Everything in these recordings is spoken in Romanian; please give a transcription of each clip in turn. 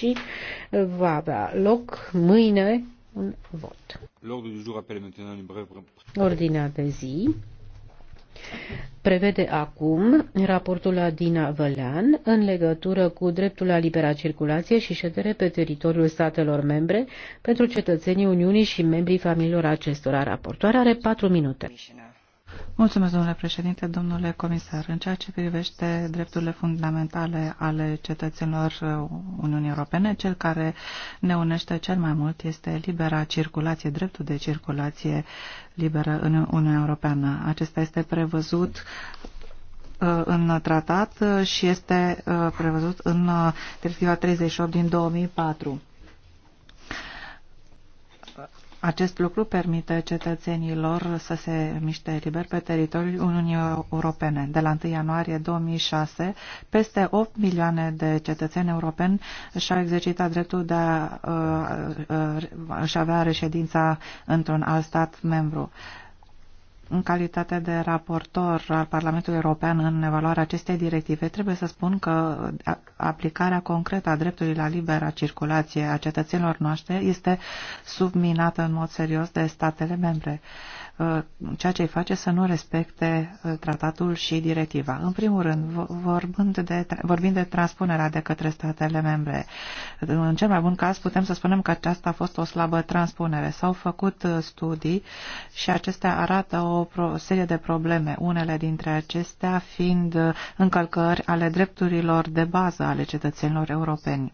și uh, va avea loc mâine un vot. Ordinea de zi prevede acum raportul Dina Vălean în legătură cu dreptul la libera circulație și ședere pe teritoriul statelor membre pentru cetățenii Uniunii și membrii familiilor acestora. Raportoarea are patru minute. Mulțumesc, domnule președinte, domnule comisar. În ceea ce privește drepturile fundamentale ale cetățenilor Uniunii Europene, cel care ne unește cel mai mult este libera circulație, dreptul de circulație liberă în Uniunea Europeană. Acesta este prevăzut uh, în tratat și este uh, prevăzut în uh, Directiva 38 din 2004 acest lucru permite cetățenilor să se miște liber pe teritoriul Uniunii Europene. De la 1 ianuarie 2006, peste 8 milioane de cetățeni europeni și-au exercitat dreptul de a uh, uh, avea reședința într-un alt stat membru. Uh, în calitate de raportor al Parlamentului European în evaluarea acestei directive, trebuie să spun că aplicarea concretă a dreptului la libera circulație a cetățenilor noștri este subminată în mod serios de statele membre. Uh, ceea ce îi face să nu respecte uh, tratatul și directiva. În primul rând, vorbind de, vorbind de transpunerea de către statele membre, în cel mai bun caz putem să spunem că aceasta a fost o slabă transpunere. S-au făcut uh, studii și acestea arată o serie de probleme, unele dintre acestea fiind încălcări ale drepturilor de bază ale cetățenilor europeni.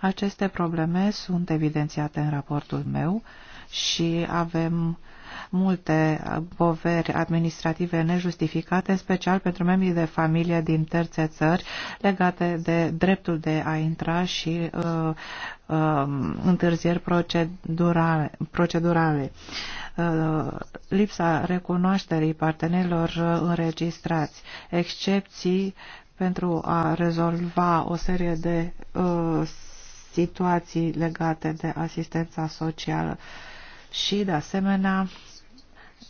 Aceste probleme sunt evidențiate în raportul meu și avem uh, multe uh, poveri administrative nejustificate, special pentru membrii de familie din terțe țări, legate de dreptul de a intra și uh, uh, întârzieri procedurale. procedurale. Uh, lipsa recunoașterii partenerilor uh, înregistrați, excepții pentru a rezolva o serie de uh, situații legate de asistența socială. Uh, și, de asemenea,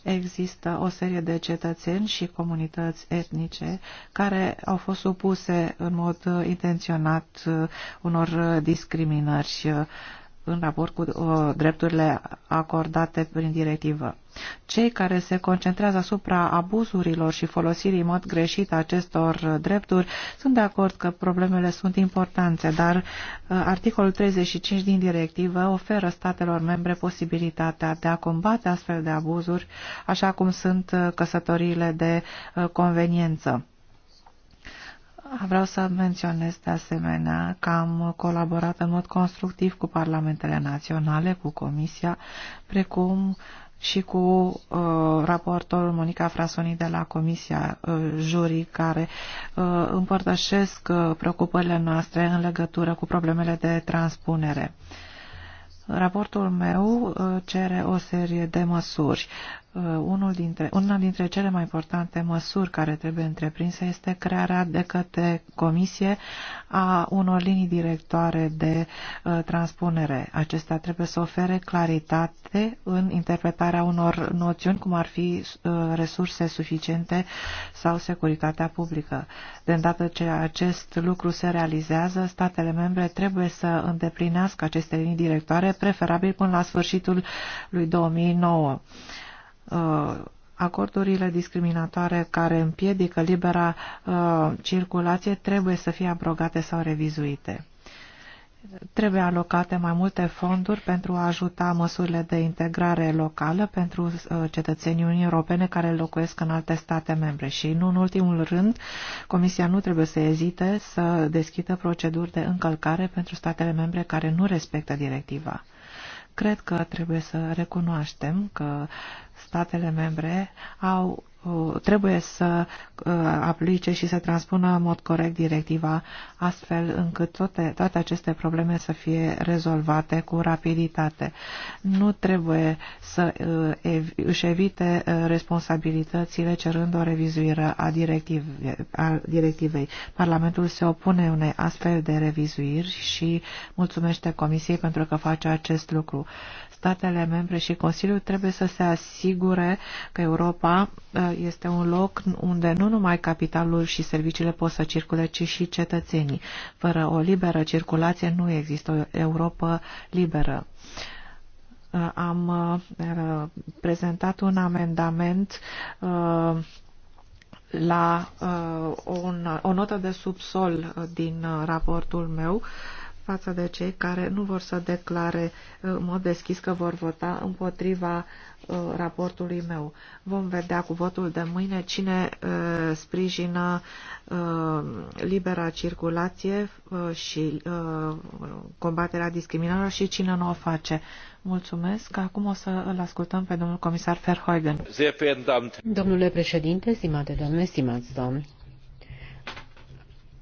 există o serie de cetățeni și comunități etnice care au fost supuse în mod intenționat uh, unor uh, discriminări uh, în raport cu uh, drepturile acordate prin directivă. Cei care se concentrează asupra abuzurilor și folosirii în mod greșit acestor drepturi sunt de acord că problemele sunt importante, dar uh, articolul 35 din directivă oferă statelor membre posibilitatea de a combate astfel de abuzuri, așa cum sunt uh, căsătoriile de uh, conveniență Ah, vreau să menționez de asemenea că am colaborat în mod constructiv cu parlamentele naționale, cu Comisia, precum și cu uh, raportorul Monica Frasoni de la Comisia uh, Jurii, care uh, împărtășesc uh, preocupările noastre în legătură cu problemele de transpunere. Raportul meu uh, cere o serie de măsuri. Uh, unul dintre, una dintre cele mai importante măsuri care trebuie întreprinse este crearea de către Comisie a unor linii directoare de uh, transpunere. Acestea trebuie să ofere claritate în interpretarea unor noțiuni, cum ar fi uh, resurse suficiente sau securitatea publică. De îndată ce acest lucru se realizează, statele membre trebuie să îndeplinească aceste linii directoare, preferabil până la sfârșitul lui 2009 Uh, acordurile discriminatoare care împiedică libera uh, circulație trebuie să fie abrogate sau revizuite trebuie alocate mai multe fonduri pentru a ajuta măsurile de integrare locală pentru uh, cetățenii Uniunii Europene care locuiesc în alte state membre. Și, nu în ultimul rând, Comisia nu trebuie să ezite să deschidă proceduri de încălcare pentru statele membre care nu respectă directiva. Cred că trebuie să recunoaștem că statele membre au trebuie să uh, aplice și să transpună în mod corect directiva, astfel încât toate, toate aceste probleme să fie rezolvate cu rapiditate. Nu trebuie să uh, își evite uh, responsabilitățile cerând o revizuire a, directive, a directivei. Parlamentul se opune unei astfel de revizuiri și mulțumește Comisiei pentru că face acest lucru. Statele membre și Consiliul trebuie să se asigure că Europa este un loc unde nu numai capitalul și serviciile pot să circule, ci și cetățenii. Fără o liberă circulație nu există o Europa liberă. Uh, am uh, prezentat un amendament uh, la o notă de subsol din raportul meu față de cei care nu vor să declare uh, în mod deschis că vor vota împotriva uh, raportului meu. Vom vedea cu votul de mâine cine uh, sprijină libera circulație și combaterea discriminărilor și cine nu o face. Mulțumesc. Acum o să îl ascultăm pe domnul comisar Verheugen. Domnule președinte, stimate doamne, stimați domni,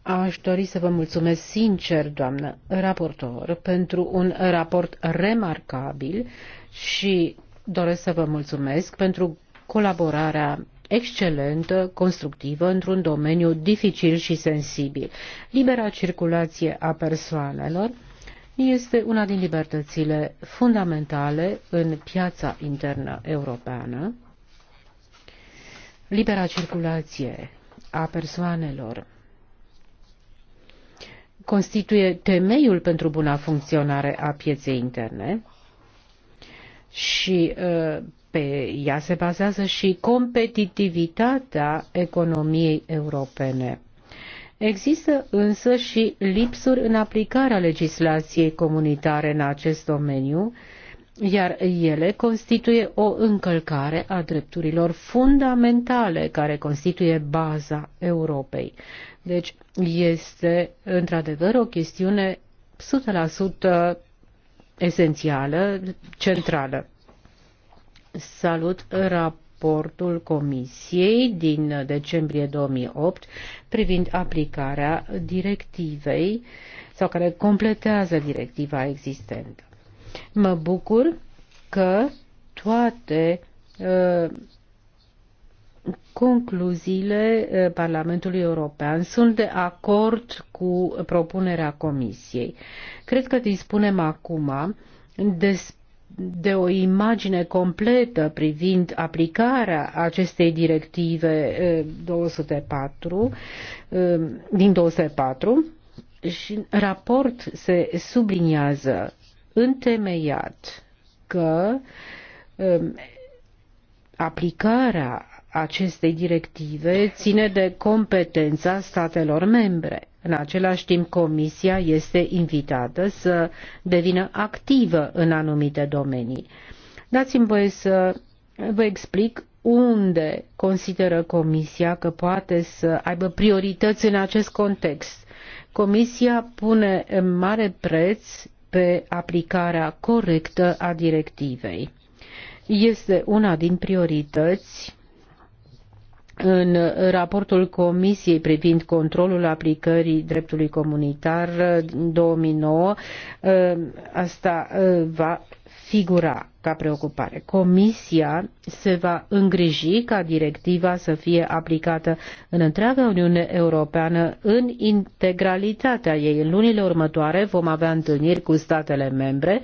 Aș dori să vă mulțumesc sincer, doamnă raportor, pentru un raport remarcabil și doresc să vă mulțumesc pentru colaborarea excelentă, constructivă într-un domeniu dificil și sensibil. Libera circulație a persoanelor este una din libertățile fundamentale în piața internă europeană. Libera circulație a persoanelor constituie temeiul pentru buna funcționare a pieței interne și uh, pe ea se bazează și competitivitatea economiei europene. Există însă și lipsuri în aplicarea legislației comunitare în acest domeniu iar ele constituie o încălcare a drepturilor fundamentale care constituie baza Europei. Deci este într-adevăr o chestiune 100% esențială, centrală. Salut raportul Comisiei din decembrie 2008 privind aplicarea directivei sau care completează directiva existentă. Mă bucur că toate uh, concluziile uh, Parlamentului European sunt de acord cu propunerea Comisiei. Cred că dispunem acum despre de o imagine completă privind aplicarea acestei directive 204 uh, uh, din 204 și în raport se subliniază întemeiat că um, aplicarea acestei directive ține de competența statelor membre. În același timp, Comisia este invitată să devină activă în anumite domenii. Dați-mi voie să vă explic unde consideră Comisia că poate să aibă priorități în acest context. Comisia pune mare preț pe aplicarea corectă a directivei. Este una din priorități în raportul Comisiei privind controlul aplicării dreptului comunitar 2009, uh, uh, asta uh, va figura ca preocupare. Comisia se va îngriji ca directiva să fie aplicată în întreaga Uniune Europeană în integralitatea ei. În lunile următoare vom avea întâlniri cu statele membre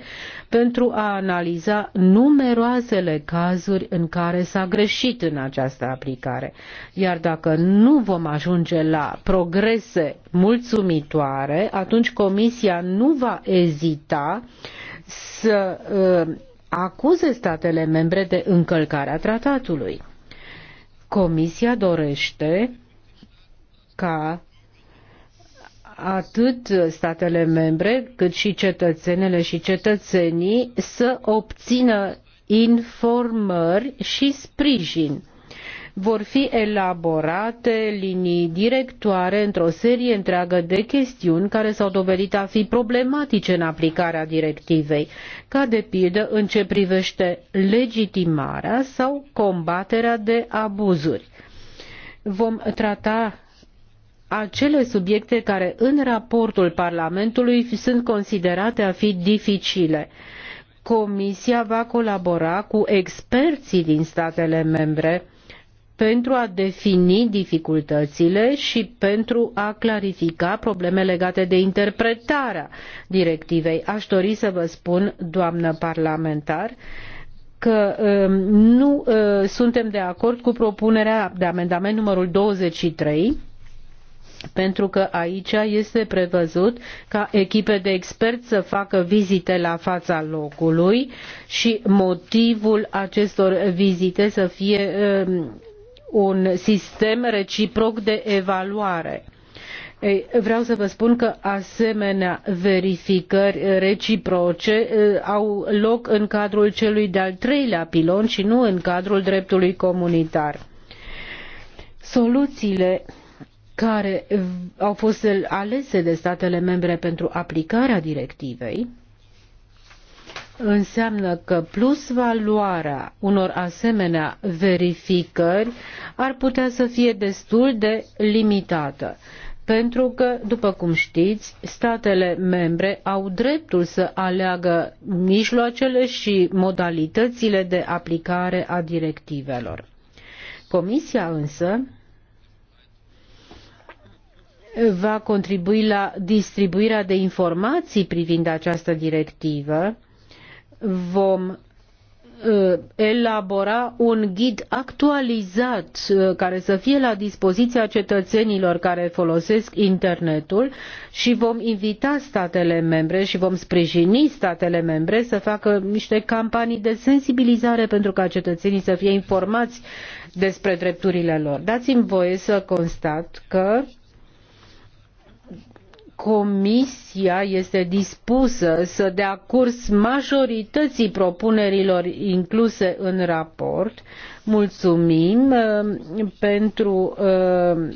pentru a analiza numeroasele cazuri în care s-a greșit în această aplicare. Iar dacă nu vom ajunge la progrese mulțumitoare, atunci Comisia nu va ezita să uh, acuze statele membre de încălcarea tratatului. Comisia dorește ca atât statele membre cât și cetățenele și cetățenii să obțină informări și sprijin vor fi elaborate linii directoare într-o serie întreagă de chestiuni care s-au dovedit a fi problematice în aplicarea directivei, ca de pildă în ce privește legitimarea sau combaterea de abuzuri. Vom trata acele subiecte care în raportul Parlamentului sunt considerate a fi dificile. Comisia va colabora cu experții din statele membre pentru a defini dificultățile și pentru a clarifica probleme legate de interpretarea directivei. Aș dori să vă spun, doamnă parlamentar, că um, nu uh, suntem de acord cu propunerea de amendament numărul 23 pentru că aici este prevăzut ca echipe de experți să facă vizite la fața locului și motivul acestor vizite să fie um, un sistem reciproc de evaluare. Ei, vreau să vă spun că asemenea verificări reciproce au loc în cadrul celui de-al treilea pilon și nu în cadrul dreptului comunitar. Soluțiile care au fost alese de statele membre pentru aplicarea directivei înseamnă că plus valoarea unor asemenea verificări ar putea să fie destul de limitată. Pentru că, după cum știți, statele membre au dreptul să aleagă mijloacele și modalitățile de aplicare a directivelor. Comisia însă va contribui la distribuirea de informații privind această directivă vom uh, elabora un ghid actualizat uh, care să fie la dispoziția cetățenilor care folosesc internetul și vom invita statele membre și vom sprijini statele membre să facă niște campanii de sensibilizare pentru ca cetățenii să fie informați despre drepturile lor. Dați-mi voie să constat că Comisia este dispusă să dea curs majorității propunerilor incluse în raport. Mulțumim uh, pentru uh,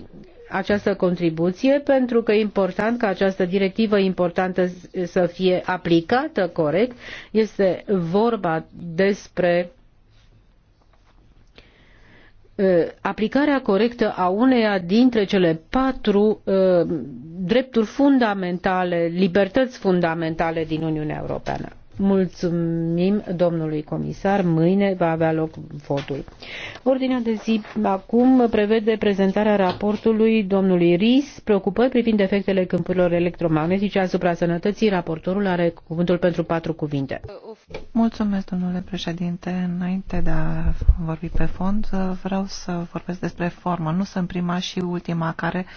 această contribuție pentru că e important ca această directivă importantă să fie aplicată corect. Este vorba despre Uh, aplicarea corectă a uneia dintre cele patru uh, drepturi fundamentale, libertăți fundamentale din Uniunea Europeană. Mulțumim domnului comisar. Mâine va avea loc votul. Ordinea de zi acum prevede prezentarea raportului domnului RIS, preocupări privind efectele câmpurilor electromagnetice asupra sănătății. Raportorul are cuvântul pentru patru cuvinte. Mulțumesc, domnule președinte. Înainte de a vorbi pe fond, vreau să vorbesc despre formă. Nu sunt prima și ultima care